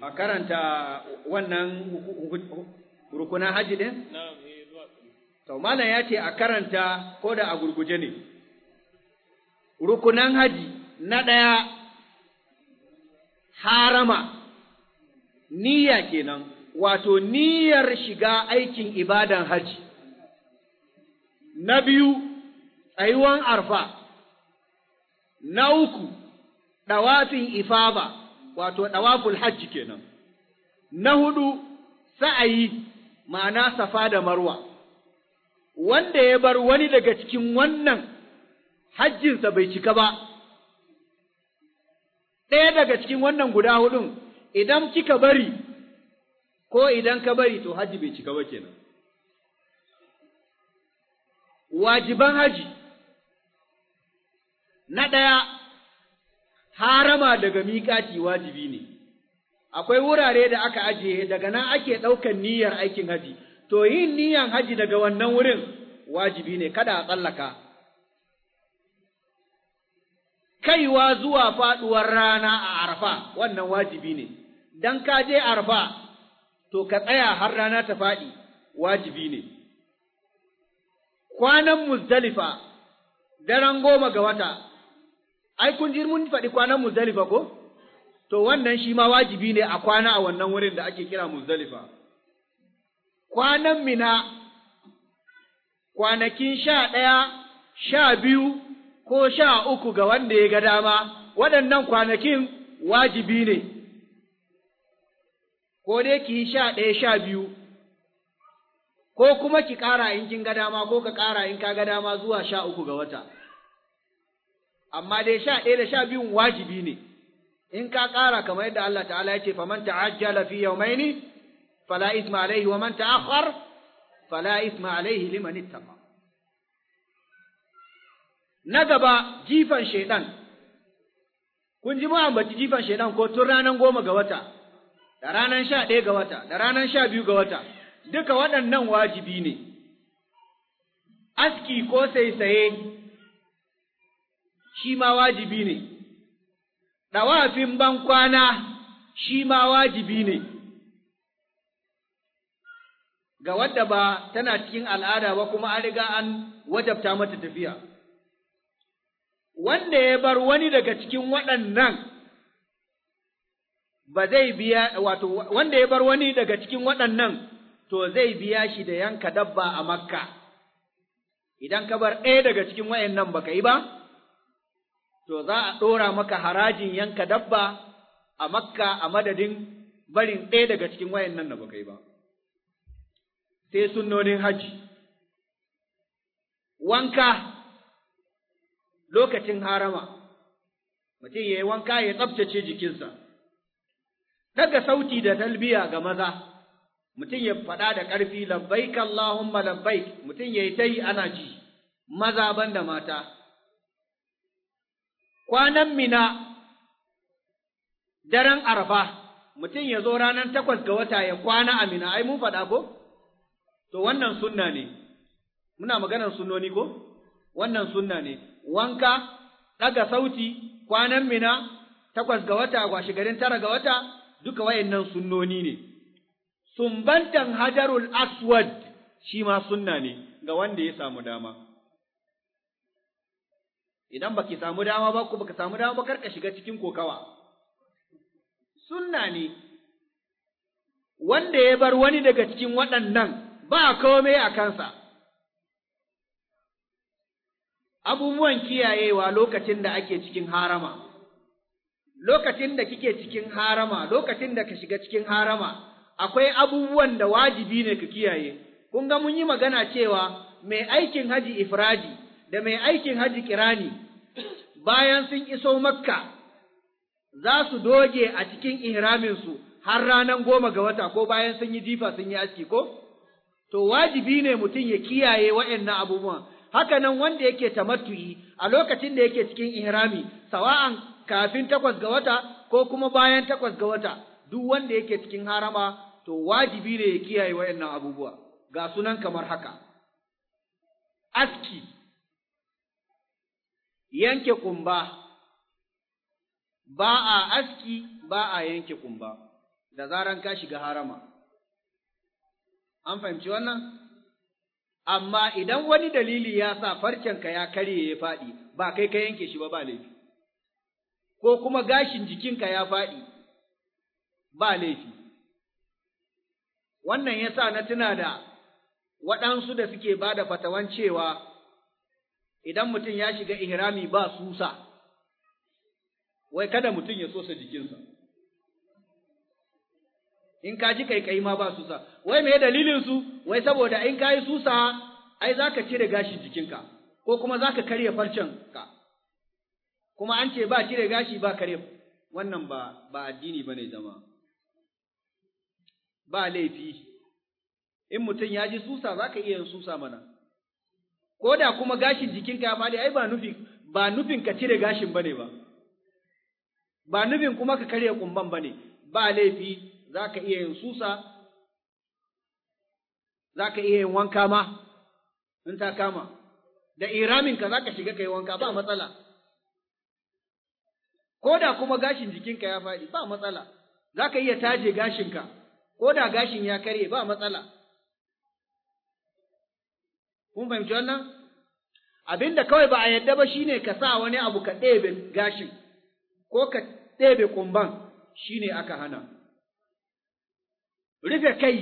a karanta wannan rukunan haji din? Eh, to, malam ya ce a karanta ko da a gurguje ne. Rukunan haji na ɗaya harama, niyya kenan, wato niyyar shiga aikin ibadan haji. Na biyu, tsayuwan arfa. Na uku, ɗawafin ifaba. wato ɗawaful hajji kenan. Na hudu, sa'ayi ma'ana safa da marwa, wanda ya bar wani daga cikin wannan hajjinsa bai cika ba, ɗaya daga cikin wannan guda hudun idan kika bari ko idan ka bari to hajji bai cika ba kenan. Wajiban haji na ɗaya harama daga miƙati wajibi ne, akwai wurare da aka ajiye daga nan ake ɗaukan niyyar aikin haji, to yin niyyar haji daga wannan wurin wajibi ne, kada a tsallaka. Kaiwa zuwa faɗuwar rana a arfa wannan wajibi ne, don ka je arfa to ka tsaya har rana ta faɗi wajibi ne. Kwanan Muzdalifa, daren goma ga wata, ai kun ji mun faɗi kwanan Muzdalifa ko? To wannan shi ma wajibi ne a kwana a wannan wurin da ake kira Muzdalifa. Kwanan Mina kwanakin sha ɗaya, sha biyu ko sha uku ga wanda ya ga dama, waɗannan kwanakin wajibi ne. Ko dai ki yi sha ɗaya sha biyu, ko kuma ki ƙara in kin ga dama ko ka ƙara in ka ga dama zuwa sha uku ga wata. amma dai sha ɗaya da sha biyun wajibi ne in ka ƙara kamar yadda Allah ta'ala ya ce faman ta'ajjala fi yawmaini fala isma alaihi wa man ta'akhkhar fala isma alaihi liman ittaqa na gaba jifan shaidan kun ji mu baci jifan shaidan ko tun ranar goma ga wata da ranar sha ɗaya ga wata da ranar sha biyu ga wata duka waɗannan wajibi ne aski ko sai-sai. shi ma wajibi ne, ɗawafin bankwana shi ma wajibi ne, ga wadda ba tana cikin al'ada ba kuma an riga an wajabta mata tafiya. Wanda ya bar wani daga cikin waɗannan ba zai biya, wato, wanda ya bar wani daga cikin waɗannan to zai biya shi da yanka dabba a makka, idan ka bar ɗaya daga cikin waɗannan baka yi ba? to za a ɗora maka harajin yanka dabba a makka a madadin barin ɗaya daga cikin wayan nan da ba kai ba. Sai sunnonin hajji. Wanka lokacin harama, mutum ya yi wanka ya tsabtace jikinsa. Daga sauti da talbiya ga maza. mutum ya faɗa da ƙarfi labbaik Allahumma labbaik mutum ya yi ta yi ana ji maza ban da mata kwanan mina daren arba mutum ya zo ranar takwas ga wata ya kwana a mina ai mun faɗa ko to wannan sunna ne muna maganar sunnoni ko wannan sunna ne wanka ɗaga sauti kwanan mina takwas ga wata washe garin tara ga wata duka wayannan sunnoni ne sumbantan hajarul aswad shi ma sunna ne ga wanda ya samu dama idan baki samu dama ba ku baka samu dama ba karka shiga cikin kokawa sunna ne wanda ya bar wani daga cikin waɗannan ba komai a kansa abubuwan kiyayewa lokacin da ake cikin harama lokacin da kike cikin harama lokacin da ka shiga cikin harama akwai abubuwan da wajibi ne ka kiyaye kun ga mun yi magana cewa mai aikin haji ifradi da mai aikin Hajji kirani bayan sun iso makka za su doge a cikin ihraminsu har ranar goma ga wata ko bayan sun yi jifa sun yi aski ko? To wajibi ne mutum ya kiyaye wayannan abubuwan. Haka nan wanda yake tamattu'i a lokacin da yake cikin ihrami, sawa'an kafin takwas ga wata ko kuma bayan takwas ga wata, duk wanda yake cikin harama to wajibi ne ya kiyaye waɗannan abubuwa. Ga sunan kamar haka. Aski yanke kumba, ba a aski ba a yanke kumba, da zaran ka shiga harama. An fahimci wannan? Amma idan wani dalili ya sa ka ya karye ya faɗi, ba kai ka yanke shi ba ba laifi, ko kuma gashin jikinka ya faɗi, ba laifi. Wannan ya sa na tuna da waɗansu da suke ba da fatawan cewa idan mutum ya shiga ihrami ba susa, wai kada mutum ya sosa jikinsa. In ka ji kaikai ma ba susa, wai me dalilin su, wai saboda in ka yi susa, ai za ka cire gashi jikinka, ko kuma za ka karya farcenka, kuma an ce ba cire gashi ba karya wannan ba, ba addini ba ne zama. Ba laifi, in mutum ya ji susa za ka iya yin susa mana. ko da kuma gashin jikinka ya faɗi ai ba nufi ba nufin ka cire gashin bane ba ba nufin kuma ka karya kumban bane ba laifi zaka iya yin susa zaka iya yin wanka ma in ta kama da iramin ka zaka shiga kai wanka ba matsala ko da kuma gashin jikinka ya faɗi ba matsala zaka iya taje gashinka ko da gashin ya karye ba matsala kun fahimci wannan abinda kawai ba a yadda ba shine ka sa wani abu ka ɗebe gashin ko ka ɗebe kumban shine aka hana rufe kai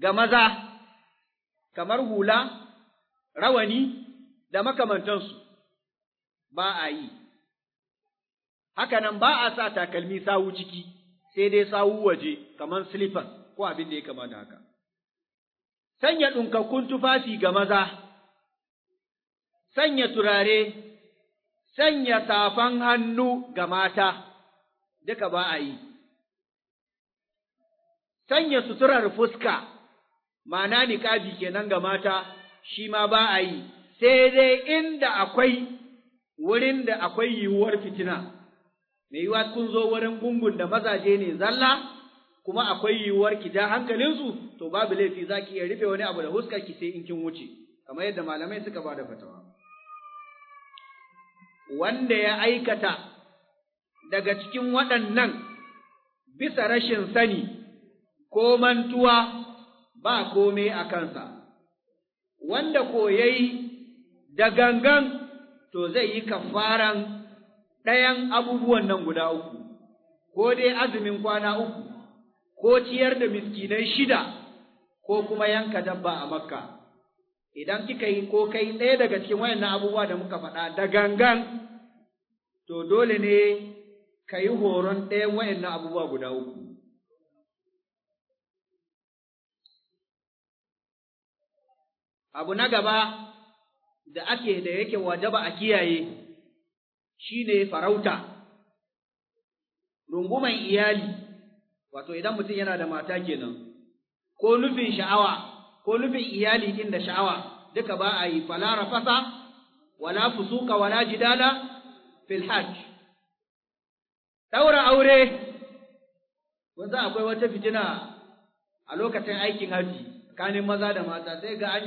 ga maza kamar hula rawani da makamantansu ba a yi hakanan ba a sa takalmi sawu ciki sai dai sawu waje kamar silifan ko abin da ya kama da haka sanya ɗunkakkun tufafi ga maza, sanya turare, sanya safan hannu ga mata, duka ba a yi. Sanya suturar fuska, ma'ana niƙabi kenan ga mata, shi ma ba a yi, sai dai inda akwai wurin da akwai yiwuwar fitina, mai yiwuwa kun zo wurin gungun da mazaje ne zalla, kuma akwai yiwuwar ki ja hankalinsu to babu laifi za ki iya rufe wani abu da huska ki sai in kin wuce kamar yadda malamai suka ba da fatawa wanda ya aikata daga cikin waɗannan bisa rashin sani ko mantuwa ba komai a kansa wanda yayi da gangan to zai yi kafaran ɗayan abubuwan nan guda uku ko dai azumin kwana uku ko ciyar da miskinai shida ko kuma yanka dabba a makka idan kika yi ko kai ɗaya daga cikin wayannan abubuwa da muka faɗa da gangan to dole ne ka yi horon ɗaya wayannan abubuwa guda uku abu na gaba da ake da yake wajaba a kiyaye shi ne farauta runguman iyali wato idan mutum yana da mata kenan ko nufin sha'awa ko nufin iyali din da sha'awa duka ba a yi fala rafasa wala fusuka wala jidala fil hajj daura aure wanda akwai wata fitina a lokacin aikin haji tsakanin maza da mata sai ga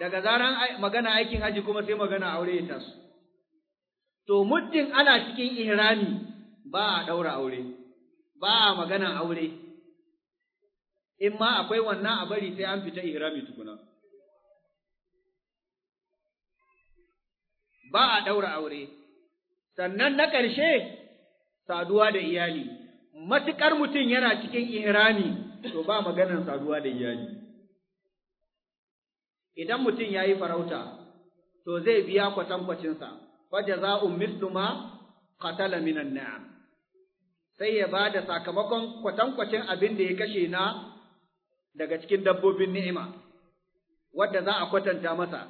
daga zaran magana aikin haji kuma sai magana aure ya taso to muddin ana cikin ihrami ba a daura aure ba a maganan aure, in ma akwai wannan a bari sai an fita ihrami tukuna. Ba a ɗaura aure, sannan na ƙarshe saduwa da iyali, matuƙar mutum yana cikin ihrami to ba maganan saduwa da iyali. Idan mutum ya yi farauta, to zai biya kwatankwacinsa, fa za mislu ma qatala minan na'am. sai ya ba da sakamakon kwatankwacin abin da ya kashe na daga cikin dabbobin ni'ima, wadda za a kwatanta masa,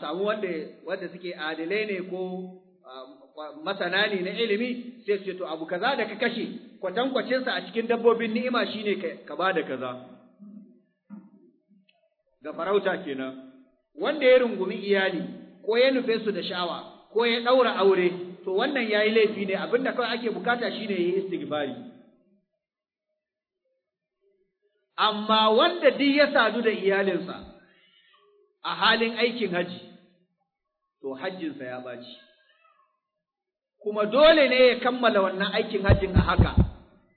samu wadda suke adilai ne ko masana ne na ilimi sai su ce, To, abu kaza da ka kashe, kwatankwacinsa a cikin dabbobin ni'ima shi ne ka ba da kaza. Ga farauta kenan, wanda ya rungumi iyali, ko ya nufe su da sha'awa, ko ya ɗaura aure. to wannan yayi laifi ne abin da kawai ake bukata shine yi istighfari amma wanda duk ya sadu da iyalinsa a halin aikin haji to hajjinsa ya baci kuma dole ne ya kammala wannan aikin hajjin a haka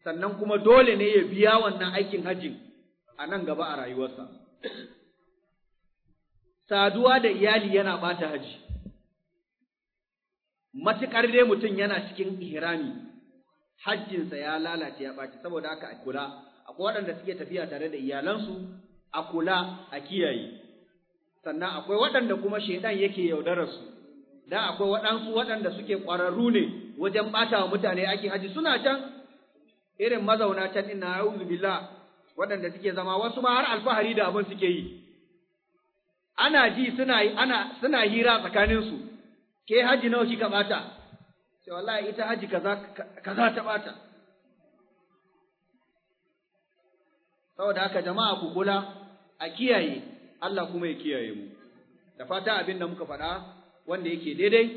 sannan kuma dole ne ya biya wannan aikin hajjin a nan gaba a rayuwarsa saduwa da iyali yana bata haji matuƙar dai mutum yana cikin ihrami hajjinsa ya lalace ya ɓaci saboda haka a kula akwai waɗanda suke tafiya tare da iyalansu a kula a kiyaye sannan akwai waɗanda kuma shaidan yake yaudararsu da akwai waɗansu waɗanda suke ƙwararru ne wajen ɓata wa mutane ake haji suna can irin mazauna can ɗin na yau billah waɗanda suke zama wasu ma har alfahari da abin suke yi ana ji suna ana suna hira tsakaninsu ke haji nawa kika bata sai wallahi ita haji kaza kaza ta bata saboda haka jama'a ku kula a kiyaye Allah kuma ya kiyaye mu da fata abin da muka faɗa wanda yake daidai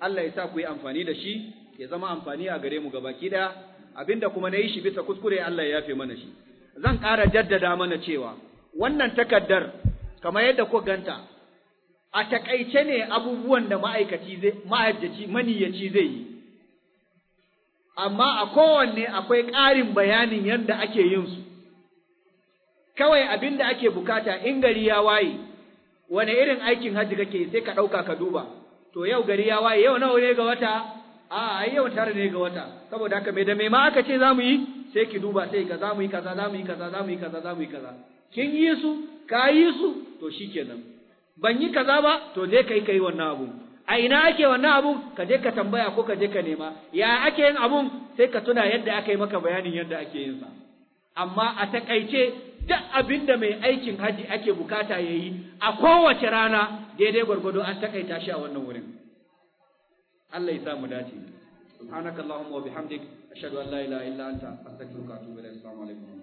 Allah ya sa ku yi amfani da shi ya zama amfani a gare mu gabaki daya abinda kuma na yi shi bisa kuskure Allah ya yafe mana shi zan ƙara jaddada mana cewa wannan takaddar kamar yadda ku ganta a takaice ne abubuwan da ma'aikaci zai ma'ajjaci maniyyaci zai yi amma a kowanne akwai ƙarin bayanin yadda ake yin su kawai abin da ake bukata in gari ya waye wane irin aikin hajji kake sai ka ɗauka ka duba to yau gari ya waye yau nawa ne ga wata a ai yau tare ne ga wata saboda haka me da me ma aka ce zamu yi sai ki duba sai ka zamu yi kaza zamu yi kaza zamu yi kaza zamu yi kaza kin yi su ka yi su to shikenan ban yi kaza ba to je kai kai wannan abu a ina ake wannan abun ka je ka tambaya ko ka je ka nema ya ake yin abun sai ka tuna yadda aka yi maka bayanin yadda ake yin sa amma a takaice duk abin da mai aikin haji ake bukata ya yi a kowace rana daidai gwargwado an takaita shi a wannan wurin Allah ya samu dace subhanakallahumma wa bihamdik ashhadu an la ilaha illa anta astaghfiruka wa atubu ilaik assalamu alaikum